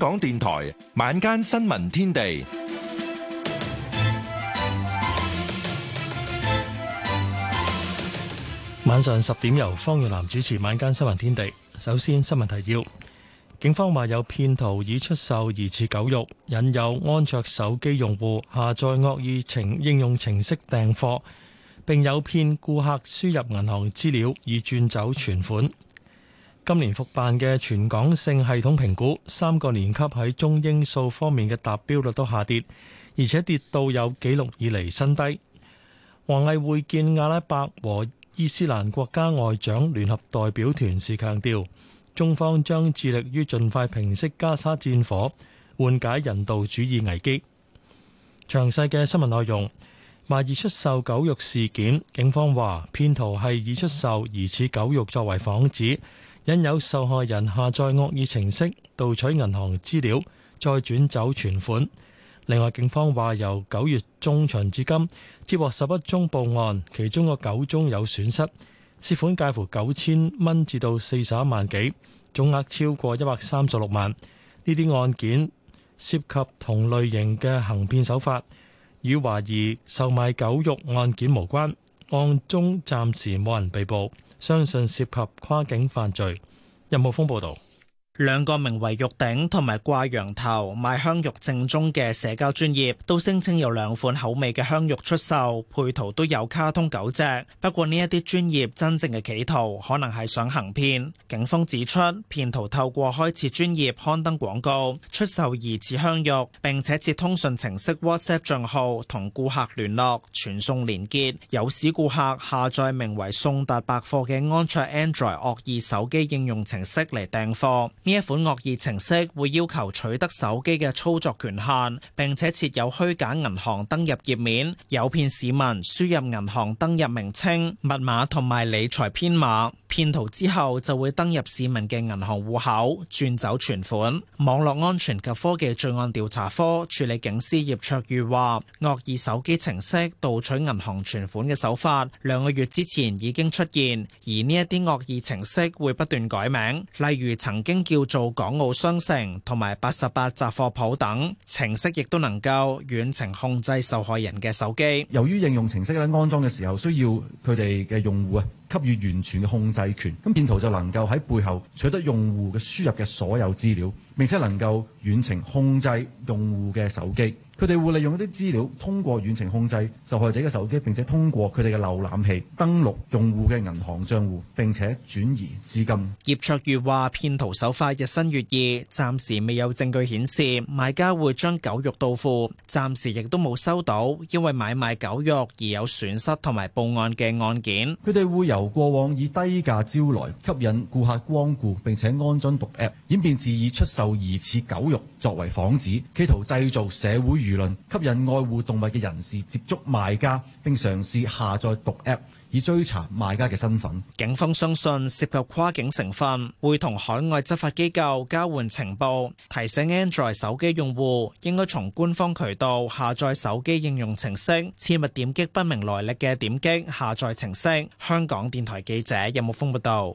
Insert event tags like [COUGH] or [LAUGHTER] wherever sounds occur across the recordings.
香港電台晚間新聞天地，晚上十點由方玉南主持。晚間新聞天地，首先新聞提要：警方話有騙徒已出售疑似狗肉引誘安卓手機用戶下載惡意程應用程式訂貨，並有騙顧客輸入銀行資料以轉走存款。今年復辦嘅全港性系統評估，三個年級喺中英數方面嘅達標率都下跌，而且跌到有紀錄以嚟新低。王毅會見阿拉伯和伊斯蘭國家外長聯合代表團時強調，中方將致力於盡快平息加沙戰火，緩解人道主義危機。詳細嘅新聞內容，賣兒出售狗肉事件，警方話騙徒係以出售疑似狗肉作為幌子。引誘受害人下載惡意程式盜取銀行資料，再轉走存款。另外，警方話由九月中旬至今，接獲十一宗報案，其中個九宗有損失，涉款介乎九千蚊至到四十一萬幾，總額超過一百三十六萬。呢啲案件涉及同類型嘅行騙手法，與懷疑售賣狗肉案件無關。案中暫時冇人被捕。相信涉及跨境犯罪。任慕峰報道。兩個名為玉頂同埋掛羊頭賣香肉正宗嘅社交專業，都聲稱有兩款口味嘅香肉出售，配圖都有卡通狗隻。不過呢一啲專業真正嘅企圖，可能係想行騙。警方指出，騙徒透過開設專業刊登廣告，出售疑似香肉，並且設通訊程式 WhatsApp 賬號同顧客聯絡，傳送連結，誘使顧客下載名為送達百貨嘅安卓、Android 惡意手機應用程式嚟訂貨。呢一款惡意程式會要求取得手機嘅操作權限，並且設有虛假銀行登入頁面，誘騙市民輸入銀行登入名稱、密碼同埋理財編碼。騙徒之後就會登入市民嘅銀行戶口，轉走存款。網絡安全及科技罪案調查科處理警司葉卓裕話：惡意手機程式盜取銀行存款嘅手法兩個月之前已經出現，而呢一啲惡意程式會不斷改名，例如曾經叫叫做港澳商城同埋八十八雜貨鋪等程式，亦都能夠遠程控制受害人嘅手機。由於應用程式咧安裝嘅時候需要佢哋嘅用戶啊給予完全嘅控制權，咁變圖就能夠喺背後取得用戶嘅輸入嘅所有資料，並且能夠遠程控制用戶嘅手機。佢哋會利用一啲資料，通過遠程控制受害者嘅手機，並且通過佢哋嘅瀏覽器登錄用戶嘅銀行帳戶，並且轉移資金。葉卓瑜話：騙徒手法日新月異，暫時未有證據顯示買家會將狗肉到付，暫時亦都冇收到因為買賣狗肉而有損失同埋報案嘅案件。佢哋會由過往以低價招來吸引顧客光顧，並且安裝毒 App，演變至以出售疑似狗肉作為幌子，企圖製造社會輿輿論吸引愛護動物嘅人士接觸賣家，並嘗試下載毒 App 以追查賣家嘅身份。警方相信涉及跨境成分，會同海外執法機構交換情報，提醒 Android 手機用戶應該從官方渠道下載手機應用程式，切勿點擊不明來歷嘅點擊下載程式。香港電台記者任木峰報道。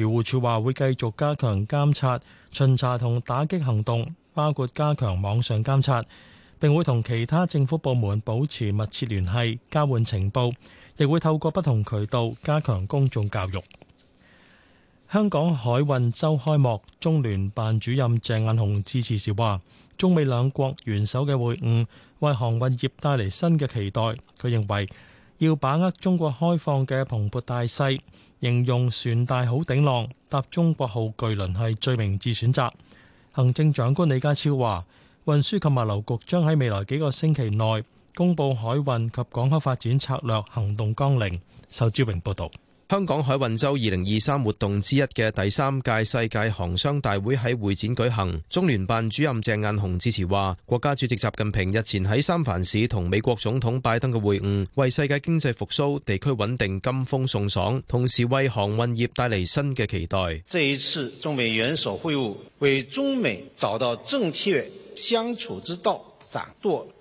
漁護署話會繼續加強監察、巡查同打擊行動，包括加強網上監察，並會同其他政府部門保持密切聯繫，交換情報，亦會透過不同渠道加強公眾教育。香港海運周開幕，中聯辦主任鄭雁雄致辭時話：中美兩國元首嘅會晤為航運業帶嚟新嘅期待。佢認為要把握中國開放嘅蓬勃大勢。形容船大好頂浪，搭中國號巨輪係最明智選擇。行政長官李家超話運輸及物流局將喺未來幾個星期內公布海運及港口發展策略行動綱領，仇志榮報道。香港海運周2023活動之一嘅第三屆世界航商大會喺會展舉行，中聯辦主任鄭雁雄致辭話，國家主席習近平日前喺三藩市同美國總統拜登嘅會晤，為世界經濟復甦、地區穩定、金風送爽，同時為航運業帶嚟新嘅期待。這一次中美元首會晤，為中美找到正確相處之道，掌舵。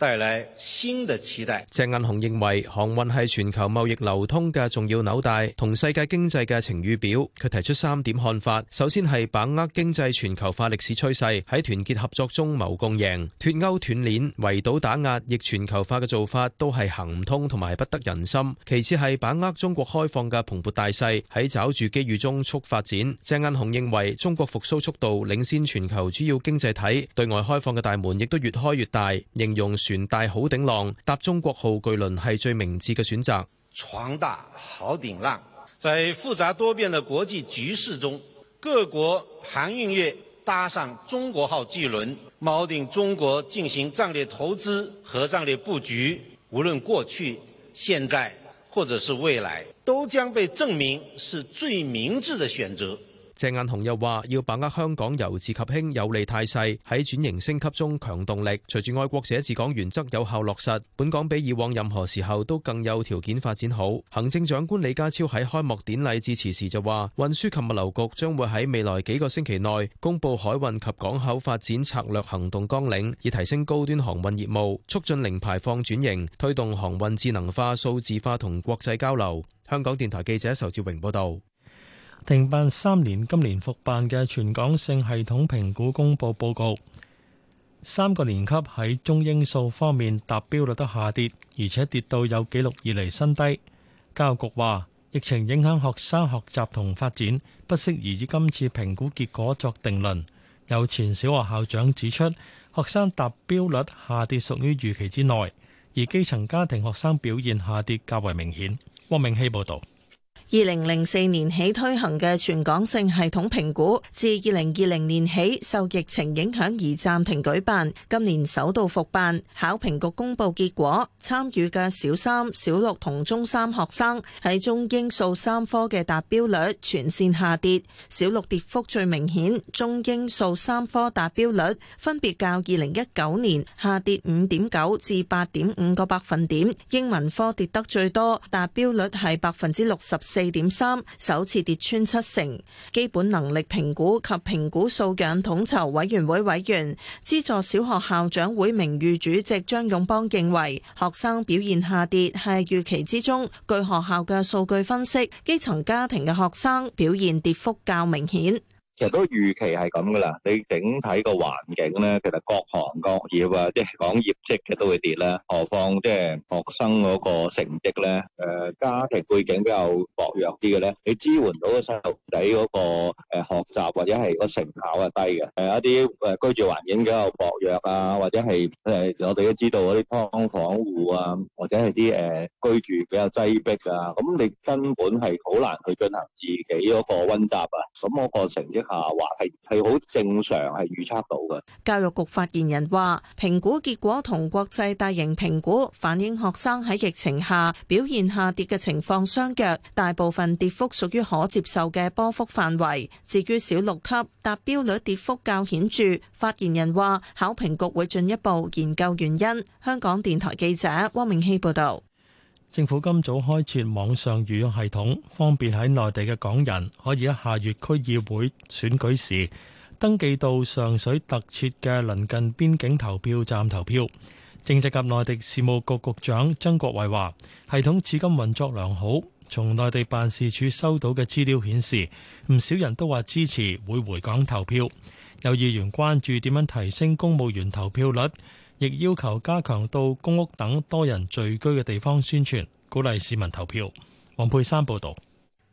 帶來新的期待。鄭雁雄認為，航運係全球貿易流通嘅重要紐帶，同世界經濟嘅晴雨表。佢提出三點看法：首先係把握經濟全球化歷史趨勢，喺團結合作中謀共贏。脱歐斷鏈、圍堵打壓、逆全球化嘅做法都係行唔通同埋不得人心。其次係把握中國開放嘅蓬勃大勢，喺抓住機遇中促發展。鄭雁雄認為，中國復甦速度領先全球主要經濟體，對外開放嘅大門亦都越開越大，形容。船大好頂浪，搭中國號巨輪係最明智嘅選擇。船大好頂浪，在複雜多變的國際局勢中，各國航運業搭上中國號巨輪，錨定中國進行戰略投資和戰略布局，無論過去、現在或者是未來，都將被證明是最明智的選擇。鄭雁雄又話：要把握香港由治及興有利態勢，喺轉型升級中強動力。隨住愛國者治港原則有效落實，本港比以往任何時候都更有條件發展好。行政長官李家超喺開幕典禮致辭時就話：運輸及物流局將會喺未來幾個星期內公佈海運及港口發展策略行動綱領，以提升高端航運業務，促進零排放轉型，推動航運智能化、數字化同國際交流。香港電台記者仇志榮報道。停辦三年，今年復辦嘅全港性系統評估公布報,報告，三個年級喺中英數方面達標率都下跌，而且跌到有紀錄以嚟新低。教育局話，疫情影響學生學習同發展，不適宜以今次評估結果作定論。有前小學校長指出，學生達標率下跌屬於預期之內，而基層家庭學生表現下跌較為明顯。汪明希報道。二零零四年起推行嘅全港性系統評估，自二零二零年起受疫情影響而暫停舉辦，今年首度復辦。考評局公布結果，參與嘅小三、小六同中三學生喺中英數三科嘅達標率全線下跌，小六跌幅最明顯，中英數三科達標率分別較二零一九年下跌五點九至八點五個百分點，英文科跌得最多，達標率係百分之六十四。四點三，首次跌穿七成。基本能力評估及評估素養統籌委員會委員、資助小學校長會名譽主席張勇邦認為，學生表現下跌係預期之中。據學校嘅數據分析，基層家庭嘅學生表現跌幅較明顯。其實都預期係咁噶啦，你整體個環境咧，其實各行各業啊，即係講業績嘅都會跌啦。何況即係學生嗰個成績咧，家庭背景比較薄弱啲嘅咧，你支援到個細路仔嗰個學習或者係個成效係低嘅。誒一啲居住環境比較薄弱啊，或者係我哋都知道嗰啲劏房戶啊，或者係啲居住比較擠迫啊，咁你根本係好難去進行自己嗰個溫習啊。咁嗰個成績～啊，話係係好正常，係預測到嘅。教育局發言人話，評估結果同國際大型評估反映學生喺疫情下表現下跌嘅情況相約，大部分跌幅屬於可接受嘅波幅範圍。至於小六級達標率跌幅較顯著，發言人話考評局會進一步研究原因。香港電台記者汪明熙報道。政府今早開設網上預約系統，方便喺內地嘅港人可以喺下月區議會選舉時登記到上水特設嘅鄰近邊境投票站投票。政制及內地事務局局長曾國衛話，系統至今運作良好，從內地辦事處收到嘅資料顯示，唔少人都話支持會回港投票。有議員關注點樣提升公務員投票率。亦要求加強到公屋等多人聚居嘅地方宣傳，鼓勵市民投票。黃佩珊報導。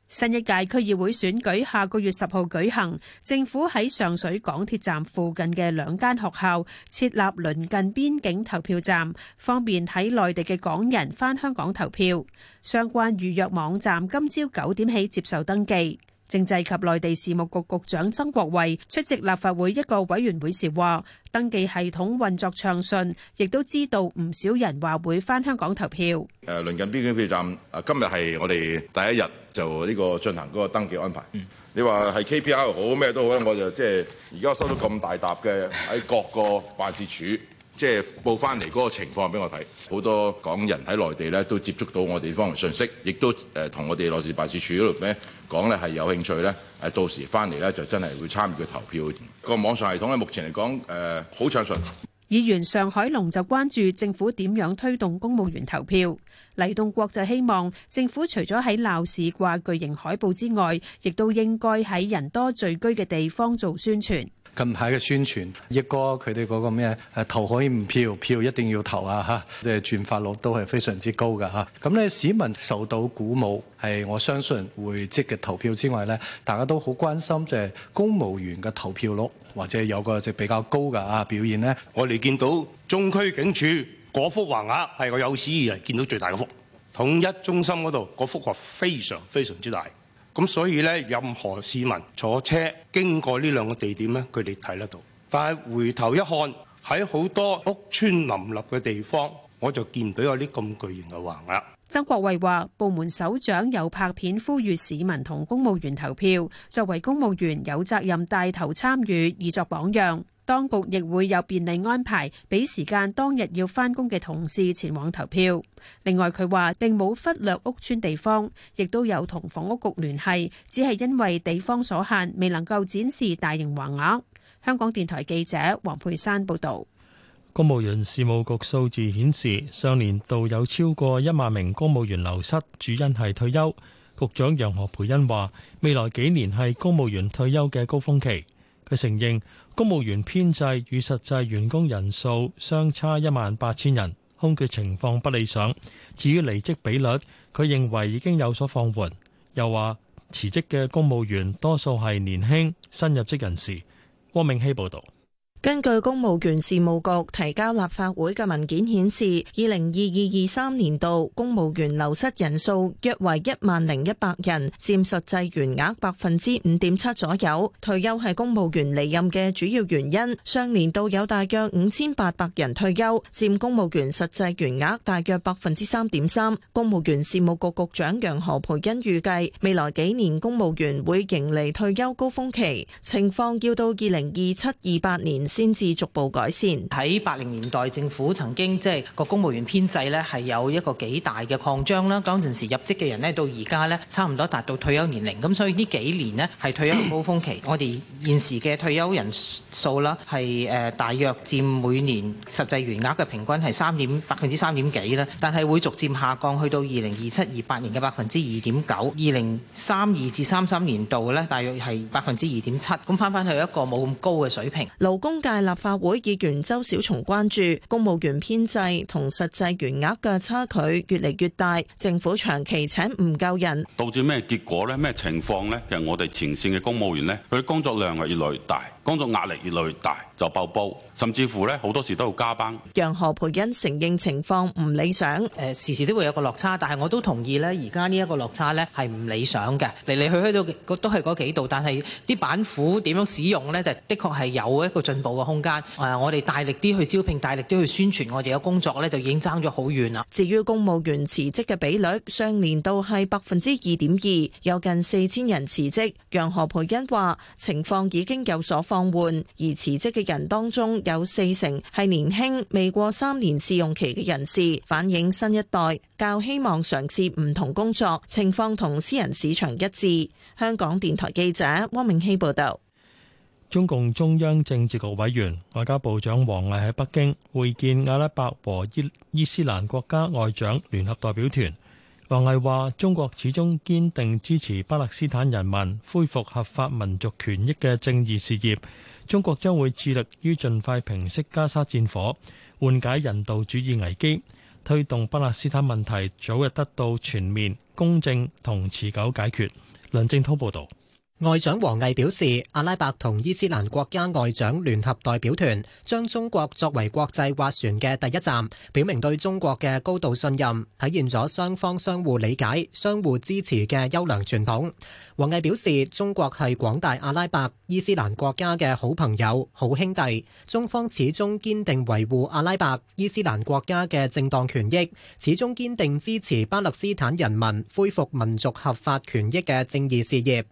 新一屆區議會選舉下個月十號舉行，政府喺上水港鐵站附近嘅兩間學校設立鄰近邊境投票站，方便喺內地嘅港人返香港投票。相關預約網站今朝九點起接受登記。政制及內地事務局局長曾國衛出席立法會一個委員會時話：登記系統運作暢順，亦都知道唔少人話會返香港投票。誒，鄰近邊境票站？啊，今日係我哋第一日就呢個進行嗰個登記安排。嗯，你話係 K P R 好咩都好咧，我就即係而家收到咁大沓嘅喺各個辦事處。即係報翻嚟嗰個情況俾我睇，好多港人喺內地咧都接觸到我哋方面嘅信息，亦都誒同我哋內地辦事處嗰度咧講咧係有興趣咧誒到時翻嚟咧就真係會參與投票。個網上系統咧目前嚟講誒好暢順。議員上海龍就關注政府點樣推動公務員投票。黎棟國就希望政府除咗喺鬧市掛巨型海報之外，亦都應該喺人多聚居嘅地方做宣傳。近排嘅宣傳，益哥佢哋嗰個咩誒投可以唔票，票一定要投啊！嚇，即係轉發率都係非常之高噶嚇。咁咧，市民受到鼓舞，係我相信會積極投票之外咧，大家都好關心即係公務員嘅投票率或者有個即係比較高噶啊表現咧。我哋見到中區警署嗰幅橫額係我有史以來見到最大嘅幅，統一中心嗰度嗰幅係非常非常之大。咁所以咧，任何市民坐車經過呢兩個地點咧，佢哋睇得到。但係回頭一看，喺好多屋邨林立嘅地方，我就見唔到有啲咁巨型嘅橫額。曾國衛話，部門首長有拍片呼籲市民同公務員投票，作為公務員有責任帶頭參與，以作榜樣。當局亦會有便利安排，俾時間當日要返工嘅同事前往投票。另外，佢話並冇忽略屋邨地方，亦都有同房屋局聯繫，只係因為地方所限，未能夠展示大型橫額。香港電台記者黃佩珊報道。公務員事務局數字顯示，上年度有超過一萬名公務員流失，主因係退休。局長楊何蓓茵話：未來幾年係公務員退休嘅高峯期。佢承認。公務員編制與實際員工人數相差一萬八千人，空缺情況不理想。至於離職比率，佢認為已經有所放緩。又話辭職嘅公務員多數係年輕新入職人士。汪明熙報道。根據公務員事務局提交立法會嘅文件顯示，二零二二二三年度公務員流失人數約為一萬零一百人，占實際員額百分之五點七左右。退休係公務員離任嘅主要原因，上年度有大約五千八百人退休，占公務員實際員額大約百分之三點三。公務員事務局局長楊何蓓茵預計，未來幾年公務員會迎嚟退休高峰期，情況要到二零二七二八年。先至逐步改善。喺八零年代，政府曾經即係個公務員編制咧，係有一個幾大嘅擴張啦。嗰陣時入職嘅人咧，到而家咧，差唔多達到退休年齡，咁所以呢幾年咧，係退休高峰期。我哋現時嘅退休人數啦，係誒大約佔每年實際餘額嘅平均係三點百分之三點幾啦。但係會逐漸下降，去到二零二七、二八年嘅百分之二點九，二零三二至三三年度咧，大約係百分之二點七。咁翻翻去一個冇咁高嘅水平。勞工今屆立法會議員周小松關注公務員編制同實際員額嘅差距越嚟越大，政府長期請唔夠人，導致咩結果呢？咩情況呢？其實我哋前線嘅公務員呢，佢工作量係越來越大。工作壓力越來越大，就爆煲，甚至乎呢好多時都要加班。楊何培恩承認情況唔理想，誒時時都會有個落差，但係我都同意呢而家呢一個落差呢係唔理想嘅，嚟嚟去去都都係嗰幾度。但係啲板斧點樣使用呢？就的確係有一個進步嘅空間。我哋大力啲去招聘，大力啲去宣傳，我哋嘅工作呢，就已經爭咗好遠啦。至於公務員辭職嘅比率，上年度係百分之二點二，有近四千人辭職。楊何培恩話：情況已經有所放放緩，而辭職嘅人當中有四成係年輕未過三年試用期嘅人士，反映新一代較希望嘗試唔同工作，情況同私人市場一致。香港電台記者汪明熙報導。中共中央政治局委員外交部長王毅喺北京會見阿拉伯和伊伊斯蘭國家外長聯合代表團。王毅話：中國始終堅定支持巴勒斯坦人民恢復合法民族權益嘅正義事業。中國將會致力於盡快平息加沙戰火，緩解人道主義危機，推動巴勒斯坦問題早日得到全面、公正同持久解決。梁正滔報導。外長王毅表示，阿拉伯同伊斯蘭國家外長聯合代表團將中國作為國際斡旋嘅第一站，表明對中國嘅高度信任，體現咗雙方相互理解、相互支持嘅優良傳統。王毅表示，中國係廣大阿拉伯、伊斯蘭國家嘅好朋友、好兄弟，中方始終堅定維護阿拉伯、伊斯蘭國家嘅正當權益，始終堅定支持巴勒斯坦人民恢復民族合法權益嘅正義事業。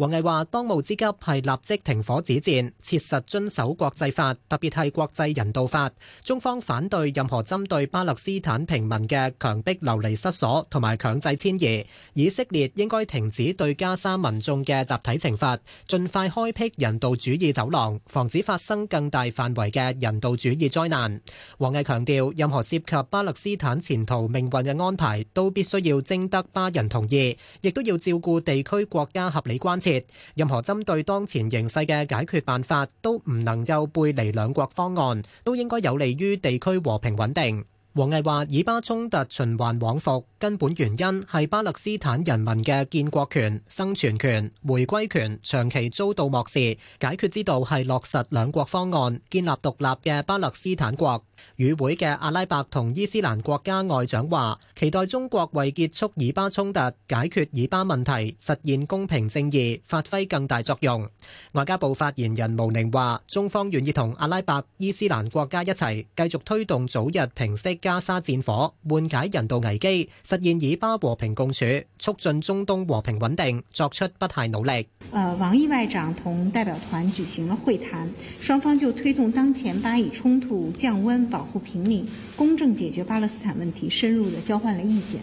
王毅話：當務之急係立即停火止戰，切實遵守國際法，特別係國際人道法。中方反對任何針對巴勒斯坦平民嘅強迫流離失所同埋強制遷移。以色列應該停止對加沙民眾嘅集體懲罰，盡快開闢人道主義走廊，防止發生更大範圍嘅人道主義災難。王毅強調，任何涉及巴勒斯坦前途命運嘅安排，都必須要徵得巴人同意，亦都要照顧地區國家合理關切。任何針對當前形勢嘅解決辦法都唔能夠背離兩國方案，都應該有利於地區和平穩定。王毅話，以巴衝突循環往復。根本原因係巴勒斯坦人民嘅建國權、生存權、回歸權長期遭到漠視，解決之道係落實兩國方案，建立獨立嘅巴勒斯坦國。與會嘅阿拉伯同伊斯蘭國家外長話，期待中國為結束以巴衝突、解決以巴問題、實現公平正義發揮更大作用。外交部發言人毛寧話，中方願意同阿拉伯、伊斯蘭國家一齊繼續推動早日平息加沙戰火，緩解人道危機。實現以巴和平共處，促進中東和平穩定，作出不懈努力。呃，王毅外長同代表團舉行了會談，雙方就推動當前巴以衝突降溫、保護平民、公正解決巴勒斯坦問題，深入的交換了意見。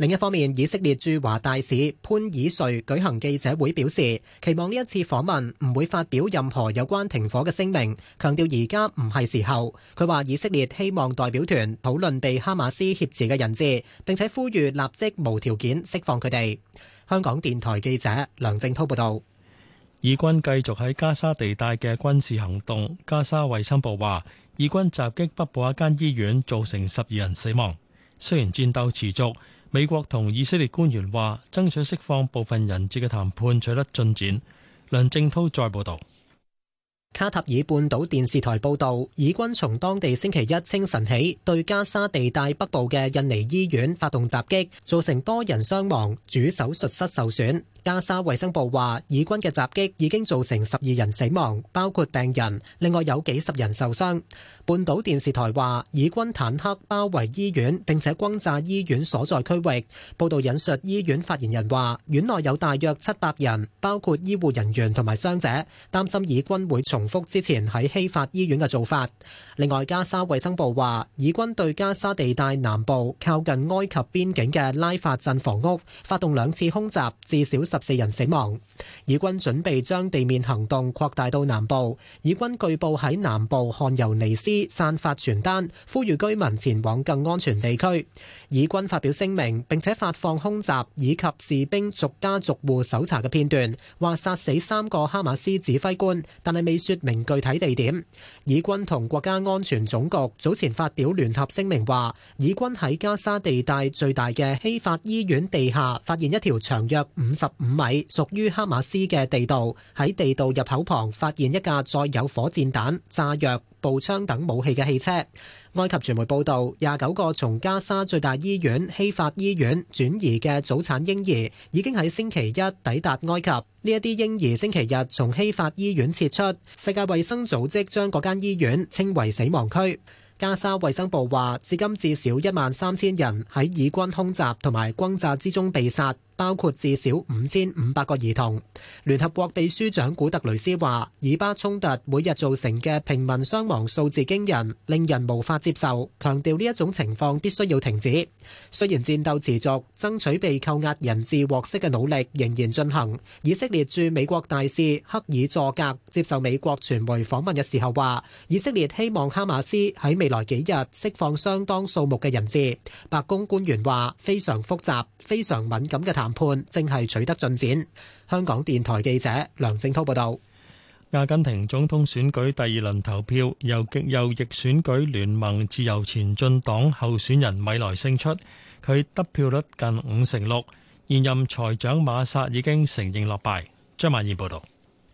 另一方面，以色列駐華大使潘以瑞舉行記者會，表示期望呢一次訪問唔會發表任何有關停火嘅聲明，強調而家唔係時候。佢話以色列希望代表團討論被哈馬斯挾持嘅人質，並且呼籲立即無條件釋放佢哋。香港電台記者梁正濤報道，以軍繼續喺加沙地帶嘅軍事行動。加沙衛生部話，以軍襲擊北部一間醫院，造成十二人死亡。雖然戰鬥持續。美國同以色列官員話，爭取釋放部分人質嘅談判取得進展。梁正濤再報道。卡塔爾半島電視台報道，以軍從當地星期一清晨起，對加沙地帶北部嘅印尼醫院發動襲擊，造成多人傷亡，主手術室受損。加沙衛生部話，以軍嘅襲擊已經造成十二人死亡，包括病人。另外有幾十人受傷。半島電視台話，以軍坦克包圍醫院，並且轟炸醫院所在區域。報道引述醫院發言人話，院內有大約七百人，包括醫護人員同埋傷者，擔心以軍會重複之前喺希法醫院嘅做法。另外，加沙衛生部話，以軍對加沙地帶南部靠近埃及邊境嘅拉法鎮房屋發動兩次空襲，至少十四人死亡。以軍準備將地面行動擴大到南部。以軍據報喺南部漢尤尼斯散發傳單，呼籲居民前往更安全地區。以軍發表聲明，並且發放空襲以及士兵逐家逐戶搜查嘅片段，話殺死三個哈馬斯指揮官，但係未說明具體地點。以軍同國家安全總局早前發表聯合聲明，話以軍喺加沙地帶最大嘅希法醫院地下發現一條長約五十五米、屬於哈馬斯嘅地道，喺地道入口旁發現一架載有火箭彈炸藥、步槍等武器嘅汽車。埃及傳媒報導，廿九個從加沙最大醫院希法醫院轉移嘅早產嬰兒已經喺星期一抵達埃及。呢一啲嬰兒星期日從希法醫院撤出。世界衛生組織將嗰間醫院稱為死亡區。加沙衛生部話，至今至少一萬三千人喺以軍空襲同埋轟炸之中被殺。包括至少五千五百個兒童。聯合國秘書長古特雷斯話，以巴衝突每日造成嘅平民傷亡數字驚人，令人無法接受，強調呢一種情況必須要停止。雖然戰鬥持續，爭取被扣押人質獲釋嘅努力仍然進行。以色列駐美國大使克爾佐格接受美國傳媒訪問嘅時候話：以色列希望哈馬斯喺未來幾日釋放相當數目嘅人質。白宮官員話：非常複雜、非常敏感嘅談判正係取得進展。香港電台記者梁正濤報道。阿根廷總統選舉第二輪投票，由極右翼選舉聯盟自由前進黨候選人米萊勝出，佢得票率近五成六。現任財長馬薩已經承認落敗。張萬燕報道。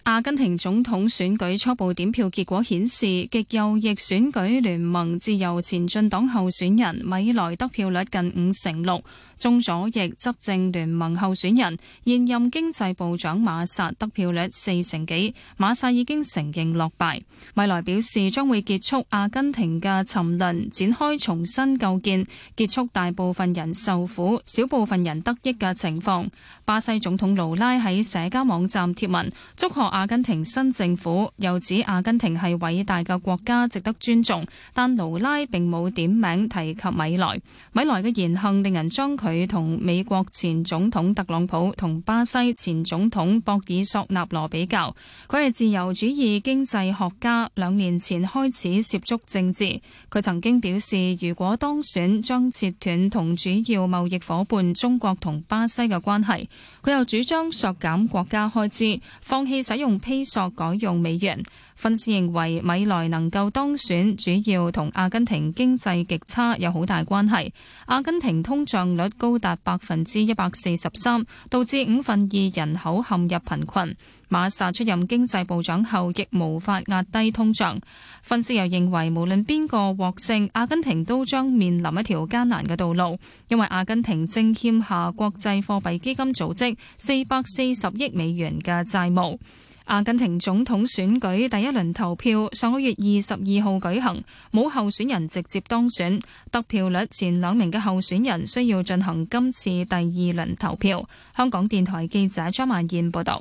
阿根廷總統選舉初步點票結果顯示，極右翼選舉聯盟自由前進黨候選人米萊得票率近五成六，中左翼執政聯盟候選人現任經濟部長馬薩得票率四成幾。馬薩已經承認落敗。米萊表示將會結束阿根廷嘅沉淪，展開重新構建，結束大部分人受苦、少部分人得益嘅情況。巴西總統盧拉喺社交網站貼文，祝賀阿根廷新政府又指阿根廷係偉大嘅國家，值得尊重，但盧拉並冇點名提及米萊。米萊嘅言行令人將佢同美國前總統特朗普同巴西前總統博爾索納羅比較，佢係自由主義經濟學家，兩年前開始涉足政治。佢曾經表示，如果當選，將切斷同主要貿易伙伴中國同巴西嘅關係，佢又主張削減國家開支，放棄使用。用披索改用美元。分析認為，米萊能夠當選，主要同阿根廷經濟極差有好大關係。阿根廷通脹率高達百分之一百四十三，導致五分二人口陷入貧困。馬薩出任經濟部長後，亦無法壓低通脹。分析又認為，無論邊個獲勝，阿根廷都將面臨一條艱難嘅道路，因為阿根廷正欠下國際貨幣基金組織四百四十億美元嘅債務。阿根廷總統選舉第一輪投票上個月二十二號舉行，冇候選人直接當選，得票率前兩名嘅候選人需要進行今次第二輪投票。香港電台記者張萬燕報道。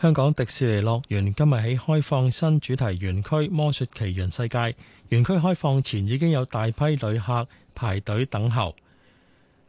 香港迪士尼樂園今日起開放新主題園區《魔雪奇緣》世界，園區開放前已經有大批旅客排隊等候。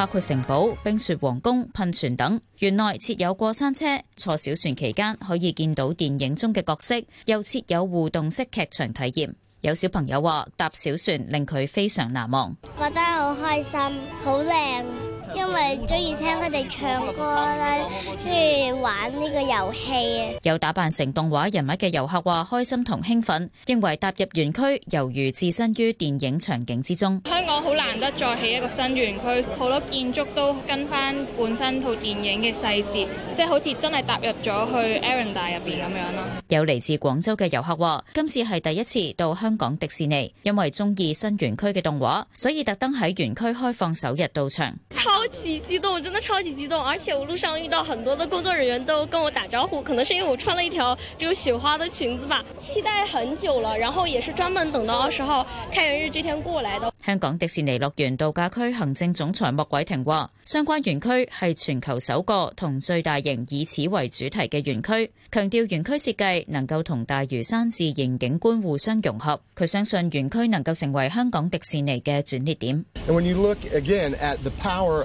包括城堡、冰雪皇宮、噴泉等，園內設有過山車，坐小船期間可以見到電影中嘅角色，又設有互動式劇場體驗。有小朋友話：搭小船令佢非常難忘，覺得好開心，好靚。因為中意聽佢哋唱歌啦，中意玩呢個遊戲啊！有打扮成動畫人物嘅遊客話：開心同興奮，認為踏入園區猶如置身於電影場景之中。香港好難得再起一個新園區，好多建築都跟翻本身套電影嘅細節，即係好似真係踏入咗去《Arendelle》入邊咁樣咯。有嚟自廣州嘅遊客話：今次係第一次到香港迪士尼，因為中意新園區嘅動畫，所以特登喺園區開放首日到場。超級激動，真的超級激動！而且我路上遇到很多的工作人員都跟我打招呼，可能是因為我穿了一條雪花的裙子吧。期待很久了，然後也是專門等到二十號開園日這天過來的。香港迪士尼樂園度假區行政總裁莫偉庭話，相關園區係全球首個同最大型以此為主題嘅園區，強調園區設計能夠同大嶼山自然景觀互相融合。佢相信園區能夠成為香港迪士尼嘅轉捩點。And when you look again at the power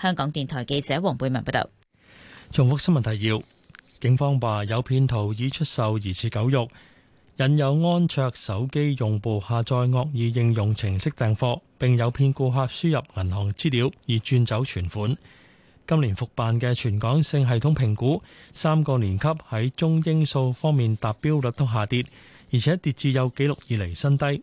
香港電台記者黃貝文報道。重複新聞提要：警方話有騙徒已出售疑似狗肉，引誘安卓手機用戶下載惡意應用程式訂貨，並誘騙顧客輸入銀行資料而轉走存款。今年復辦嘅全港性系統評估，三個年級喺中英數方面達標率都下跌，而且跌至有紀錄以嚟新低。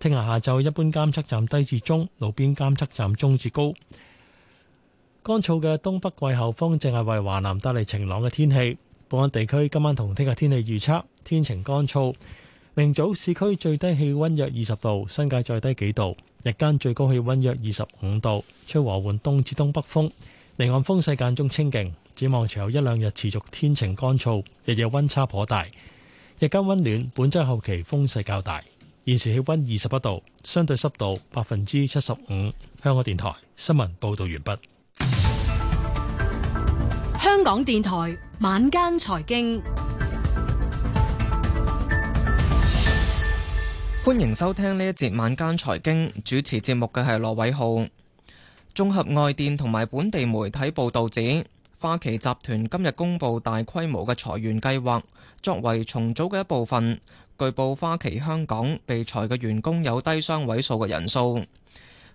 聽日下晝一般監測站低至中，路邊監測站中至高。乾燥嘅東北季候風正係為華南帶嚟晴朗嘅天氣。本港地區今晚同聽日天氣預測天晴乾燥，明早市區最低氣溫約二十度，新界再低幾度，日間最高氣溫約二十五度。吹和緩東至東北風，離岸風勢間中清勁。展望朝後一兩日持續天晴乾燥，日夜溫差頗大。日間溫暖，本周後期風勢較大。現時氣溫二十一度，相對濕度百分之七十五。香港電台新聞報道完畢。香港電台晚間財經，歡迎收聽呢一節晚間財經。主持節目嘅係羅偉浩。綜合外電同埋本地媒體報道指，花旗集團今日公布大規模嘅裁員計劃，作為重組嘅一部分。據報花旗香港被裁嘅員工有低雙位數嘅人數。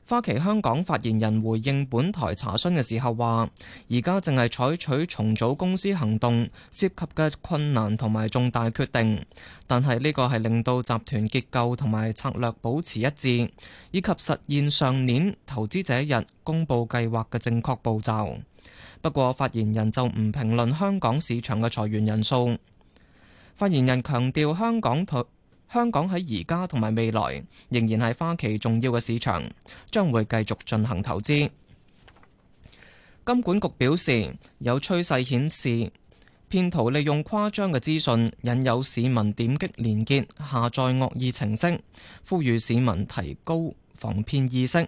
花旗香港發言人回應本台查詢嘅時候話，而家淨係採取重組公司行動，涉及嘅困難同埋重大決定，但係呢個係令到集團結構同埋策略保持一致，以及實現上年投資者日公佈計劃嘅正確步驟。不過發言人就唔評論香港市場嘅裁員人數。發言人強調香港，香港喺而家同埋未來仍然係花旗重要嘅市場，將會繼續進行投資。金管局表示，有趨勢顯示騙徒利用誇張嘅資訊引誘市民點擊連結下載惡意程式，呼籲市民提高防騙意識。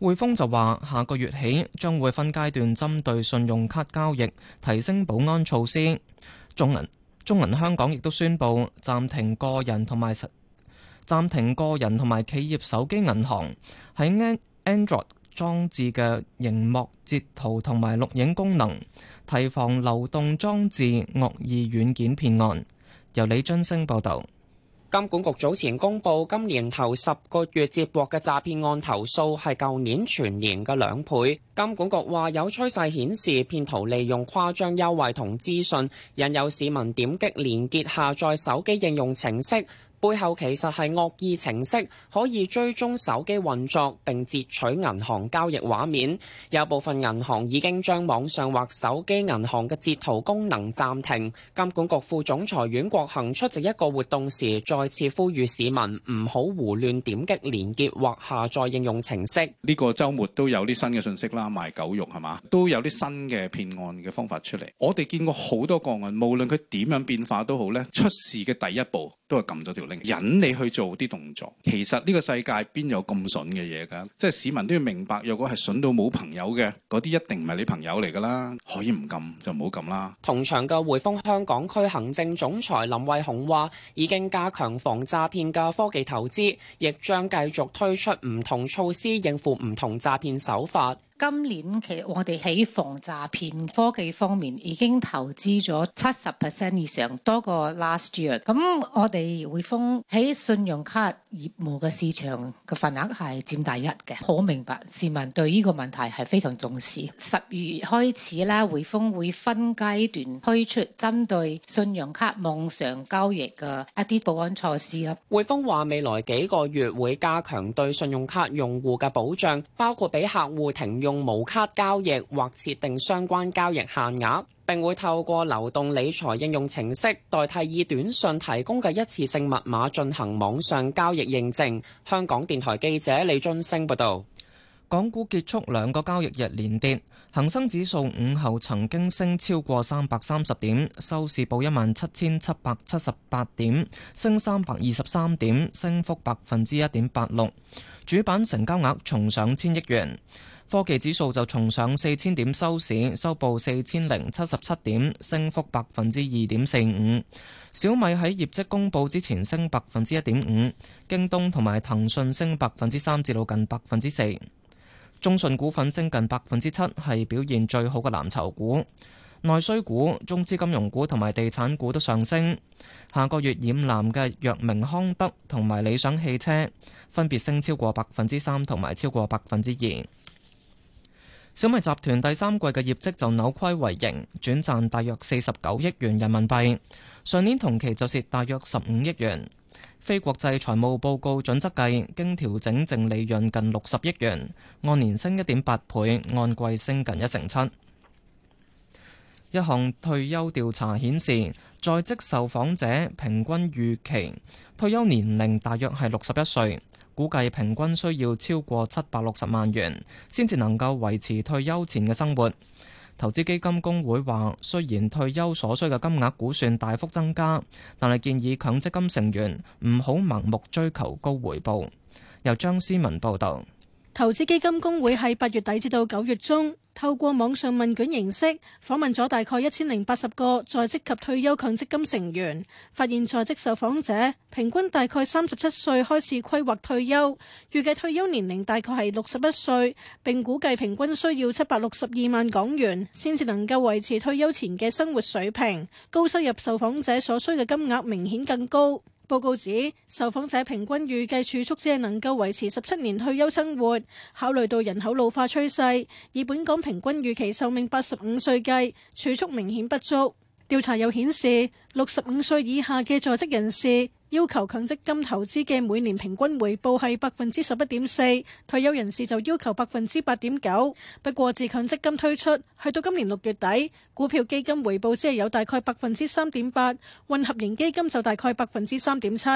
匯豐就話，下個月起將會分階段針對信用卡交易提升保安措施。中銀。中銀香港亦都宣布暫停個人同埋暫停個人同埋企業手機銀行喺 Android 裝置嘅螢幕截圖同埋錄影功能，提防流動裝置惡意軟件騙案。由李津升報導。金管局早前公布，今年頭十個月接獲嘅詐騙案投訴係舊年全年嘅兩倍。金管局話，有趨勢顯示騙徒利用誇張優惠同資訊引誘市民點擊連結下載手機應用程式。背後其實係惡意程式，可以追蹤手機運作，並截取銀行交易畫面。有部分銀行已經將網上或手機銀行嘅截圖功能暫停。監管局副總裁阮國恒出席一個活動時，再次呼籲市民唔好胡亂點擊連結或下載應用程式。呢個周末都有啲新嘅信息啦，賣狗肉係嘛？都有啲新嘅騙案嘅方法出嚟。我哋見過好多個案，無論佢點樣變化都好呢，出事嘅第一步都係撳咗條 link。引你去做啲動作，其實呢個世界邊有咁笋嘅嘢噶？即係市民都要明白，若果係笋到冇朋友嘅，嗰啲一定唔係你的朋友嚟噶啦。可以唔撳就唔好撳啦。同場嘅滙豐香港區行政總裁林慧雄話，已經加強防詐騙嘅科技投資，亦將繼續推出唔同措施應付唔同詐騙手法。今年其實我哋喺防詐騙科技方面已經投資咗七十 percent 以上多過 last year。咁我哋匯豐喺信用卡業務嘅市場嘅份額係佔第一嘅。好明白市民對呢個問題係非常重視，十二月開始啦，匯豐會分階段推出針對信用卡網上交易嘅一啲保安措施。匯豐話未來幾個月會加強對信用卡用戶嘅保障，包括俾客戶停用。用無卡交易或設定相關交易限額，並會透過流動理財應用程式代替以短信提供嘅一次性密碼進行網上交易認證。香港電台記者李津升報道。港股結束兩個交易日連跌，恒生指數午後曾經升超過三百三十點，收市報一萬七千七百七十八點，升三百二十三點，升幅百分之一點八六，主板成交額重上千億元。科技指數就重上四千點收市，收報四千零七十七點，升幅百分之二點四五。小米喺業績公佈之前升百分之一點五，京東同埋騰訊升百分之三至到近百分之四。中信股份升近百分之七，係表現最好嘅藍籌股。內需股、中資金融股同埋地產股都上升。下個月染藍嘅藥明康德同埋理想汽車分別升超過百分之三同埋超過百分之二。小米集團第三季嘅業績就扭虧為盈，轉賺大約四十九億元人民幣，上年同期就蝕大約十五億元。非國際財務報告準則計，經調整淨利潤近六十億元，按年升一點八倍，按季升近一成七。一項退休調查顯示，在職受訪者平均預期退休年齡大約係六十一歲。估計平均需要超過七百六十萬元，先至能夠維持退休前嘅生活。投資基金公會話，雖然退休所需嘅金額估算大幅增加，但係建議強積金成員唔好盲目追求高回報。由張思文報導。投資基金公會喺八月底至到九月中，透過網上問卷形式訪問咗大概一千零八十個在職及退休強積金成員，發現在職受訪者平均大概三十七歲開始規劃退休，預計退休年齡大概係六十一歲，並估計平均需要七百六十二萬港元先至能夠維持退休前嘅生活水平。高收入受訪者所需嘅金額明顯更高。報告指，受訪者平均預計儲蓄只係能夠維持十七年退休生活。考慮到人口老化趨勢，以本港平均預期壽命八十五歲計，儲蓄明顯不足。調查又顯示，六十五歲以下嘅在職人士，要求強積金投資嘅每年平均回報係百分之十一點四，退休人士就要求百分之八點九。不過自強積金推出，去到今年六月底，股票基金回報只係有大概百分之三點八，混合型基金就大概百分之三點七。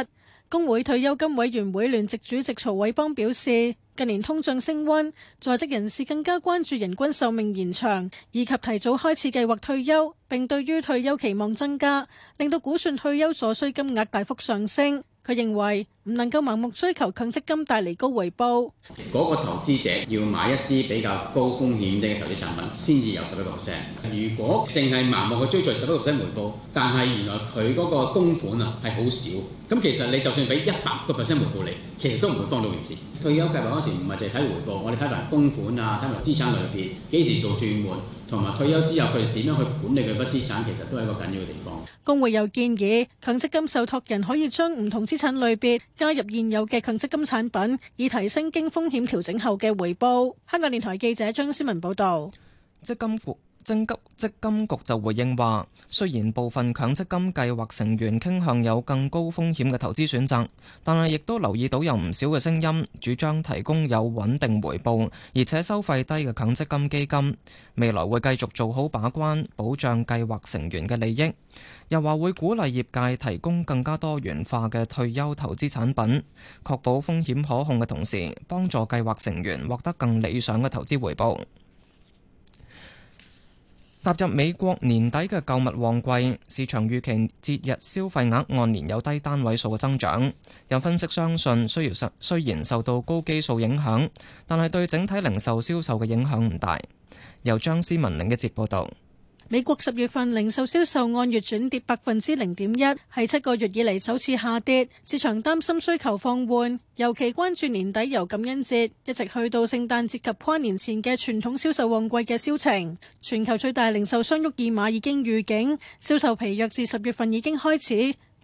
工會退休金委員,委員會聯席主席曹偉邦表示，近年通脹升温，在職人士更加關注人均壽命延長，以及提早開始計劃退休，並對於退休期望增加，令到估算退休所需金額大幅上升。佢認為唔能夠盲目追求近息金帶嚟高回報。嗰、嗰個投資者要買一啲比較高風險嘅投資產品才，先至有十一個 percent。如果淨係盲目去追隨十一個 percent 回報，但係原來佢嗰個供款啊係好少。咁其實你就算俾一百個 percent 回報，你其實都唔會幫到件事。退休計劃嗰時唔係淨係睇回報，我哋睇埋供款啊，睇埋資產類別，幾時做轉換。同埋退休之後，佢點樣去管理佢嘅資產，其實都係一個緊要嘅地方。工會又建議，強積金受託人可以將唔同資產類別加入現有嘅強積金產品，以提升經風險調整後嘅回報。香港電台記者張思文報道。金積金局就回應話，雖然部分強積金計劃成員傾向有更高風險嘅投資選擇，但係亦都留意到有唔少嘅聲音主張提供有穩定回報，而且收費低嘅強積金基金。未來會繼續做好把關，保障計劃成員嘅利益。又話會鼓勵業界提供更加多元化嘅退休投資產品，確保風險可控嘅同時，幫助計劃成員獲得更理想嘅投資回報。踏入美國年底嘅購物旺季，市場預期節日消費額按年有低單位數嘅增長。有分析相信，雖然受到高基數影響，但係對整體零售銷售嘅影響唔大。由張思文、李一哲報道。美國十月份零售銷售按月轉跌百分之零點一，係七個月以嚟首次下跌。市場擔心需求放緩，尤其關注年底由感恩節，一直去到聖誕節及跨年前嘅傳統銷售旺季嘅銷情。全球最大零售商沃爾瑪已經預警銷售疲弱，至十月份已經開始，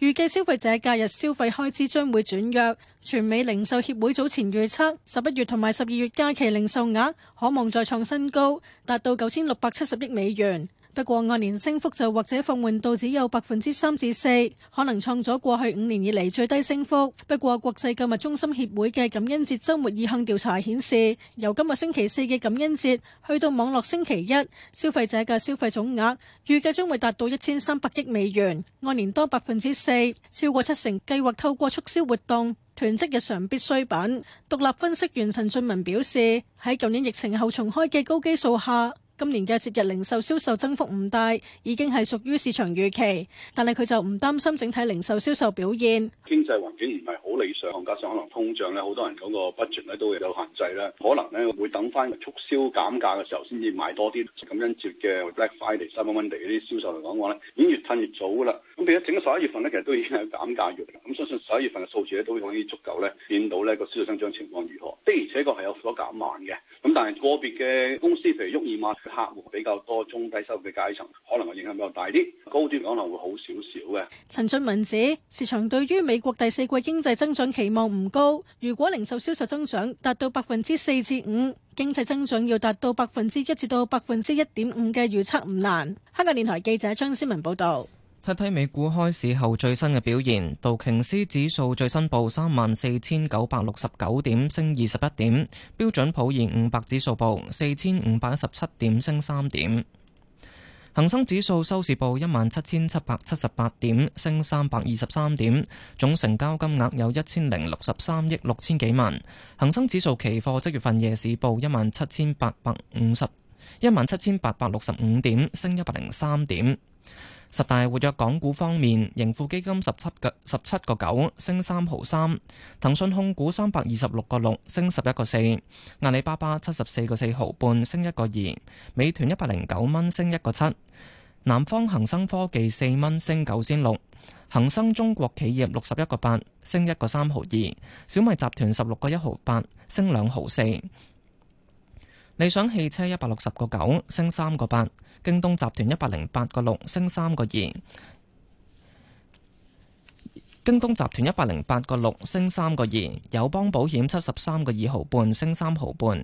預計消費者假日消費開支將會轉弱。全美零售協會早前預測十一月同埋十二月假期零售額可望再創新高，達到九千六百七十億美元。不過按年升幅就或者放緩到只有百分之三至四，可能創咗過去五年以嚟最低升幅。不過國際購物中心協會嘅感恩節週末意向調查顯示，由今日星期四嘅感恩節去到網絡星期一，消費者嘅消費總額預計將會達到一千三百億美元，按年多百分之四，超過七成計劃透過促銷活動囤積日常必需品。獨立分析員陳俊文表示，喺舊年疫情後重開嘅高基數下。今年嘅節日零售銷售增幅唔大，已經係屬於市場預期，但係佢就唔擔心整體零售銷售表現。經濟環境唔係好理想，加上可能通脹咧，好多人嗰個 budget 咧都會有限制咧，可能咧會等翻促銷減價嘅時候先至買多啲。感恩節嘅 Black Friday、Cyber Monday 嗰啲銷售嚟講講咧，已經越褪越早啦。咁變咗整到十一月份咧，其實都已經有減價月啦。咁相信十一月份嘅數字咧，都可以足夠咧見到呢個銷售增長情況如何。的而且確係有所減慢嘅，咁但係個別嘅公司譬如沃爾瑪。客戶比較多中低收入嘅階層，可能個影響比較大啲，高端可能會好少少嘅。陳俊文指，市場對於美國第四季經濟增長期望唔高，如果零售銷售增長達到百分之四至五，經濟增長要達到百分之一至到百分之一點五嘅預測唔難。香港電台記者張思文報道。睇睇美股開市後最新嘅表現，道瓊斯指數最新報三萬四千九百六十九點，升二十一點；標準普爾五百指數報四千五百一十七點，升三點；恒生指數收市報一萬七千七百七十八點，升三百二十三點；總成交金額有一千零六十三億六千幾萬；恒生指數期貨即月份夜市報一萬七千八百五十，一萬七千八百六十五點，升一百零三點。十大活躍港股方面，盈富基金十七個十七個九升三毫三，騰訊控股三百二十六個六升十一個四，阿里巴巴七十四個四毫半升一個二，美團一百零九蚊升一個七，南方恒生科技四蚊升九仙六，恒生中國企業六十一個八升一個三毫二，小米集團十六個一毫八升兩毫四。理想汽車一百六十個九升三個八，京東集團一百零八個六升三個二，京東集團一百零八個六升三個二，友邦保險七十三個二毫半升三毫半，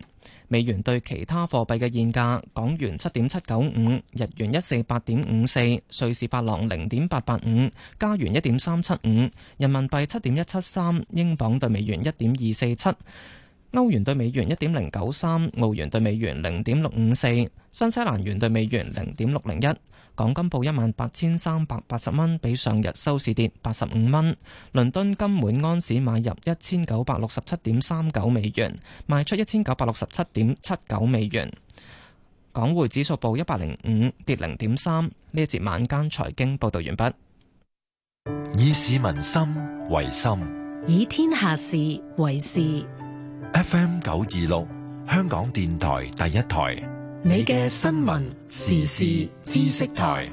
美元兌其他貨幣嘅現價：港元七點七九五，日元一四八點五四，瑞士法郎零點八八五，加元一點三七五，人民幣七點一七三，英鎊兌美元一點二四七。歐元兌美元一點零九三，澳元兌美元零點六五四，新西蘭元兌美元零點六零一。港金報一萬八千三百八十蚊，比上日收市跌八十五蚊。倫敦金每安士買入一千九百六十七點三九美元，賣出一千九百六十七點七九美元。港匯指數報一百零五，跌零點三。呢一節晚間財經報道完畢。以市民心為心，以天下事為事。FM 九二六，香港電台第一台，你嘅新聞時事知識台，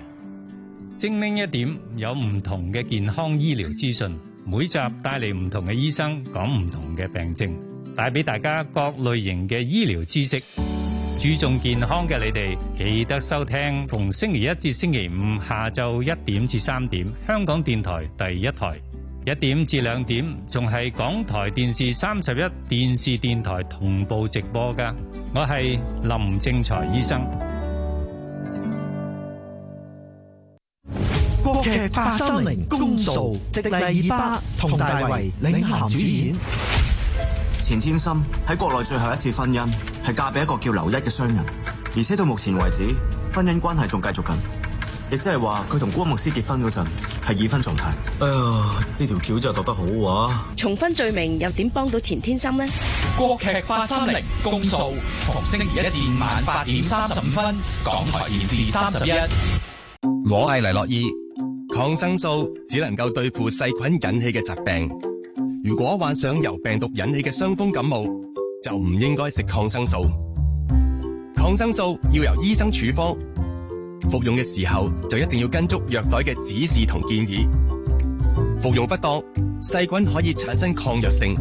精靈一點，有唔同嘅健康醫療資訊，每集帶嚟唔同嘅醫生講唔同嘅病症，帶俾大家各類型嘅醫療知識，注重健康嘅你哋記得收聽，逢星期一至星期五下晝一點至三點，香港電台第一台。一點至兩點，仲係港台電視三十一、電視電台同步直播噶。我係林正財醫生。國劇八三零公訴，迪麗熱巴、佟大為領銜主演。錢天心喺國內最後一次婚姻係嫁俾一個叫劉一嘅商人，而且到目前為止，婚姻關係仲繼續緊。亦即係話，佢同郭牧師結婚嗰陣係已婚狀態。哎呀，呢條橋就渡得好喎、啊！重婚罪名又點幫到錢天心呢？國劇 830,《國劇八三零公訴逢星期一至五晚八點三十五分，港台電視三十一。我係黎樂意，抗生素只能夠對付細菌引起嘅疾病。如果患上由病毒引起嘅傷風感冒，就唔應該食抗生素。抗生素要由醫生處方。服用嘅時候就一定要跟足藥袋嘅指示同建議，服用不當，細菌可以產生抗藥性，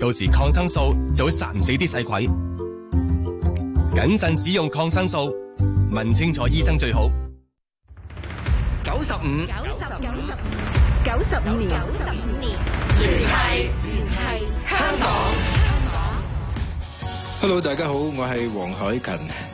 到時抗生素就會殺唔死啲細菌。謹慎使用抗生素，問清楚醫生最好。九十五，九十五年，聯繫，聯繫香，港香港。Hello，大家好，我係黃海琴。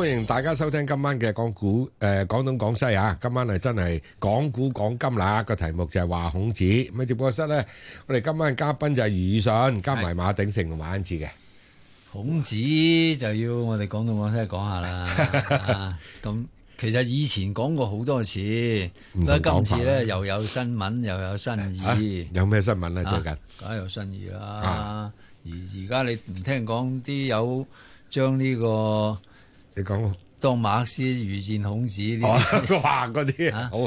歡迎大家收聽今晚嘅講古誒廣東廣西啊，今晚係真係講古講金啦個題目就係話孔子。咁啊，直播室咧，我哋今晚嘅嘉賓就係余宇加埋馬鼎盛同馬恩嘅。孔子就要我哋廣東廣西講，講下啦。咁、 [LAUGHS] 啊、其實以前講過好多次，唔 [LAUGHS] 今次咧又有新聞，又有新意。啊、有咩新聞咧、啊、最近？梗係有新意啦、啊。而而家你唔聽講啲有將呢、這個？你講咯，當馬克思遇見孔子呢啲話嗰啲啊好。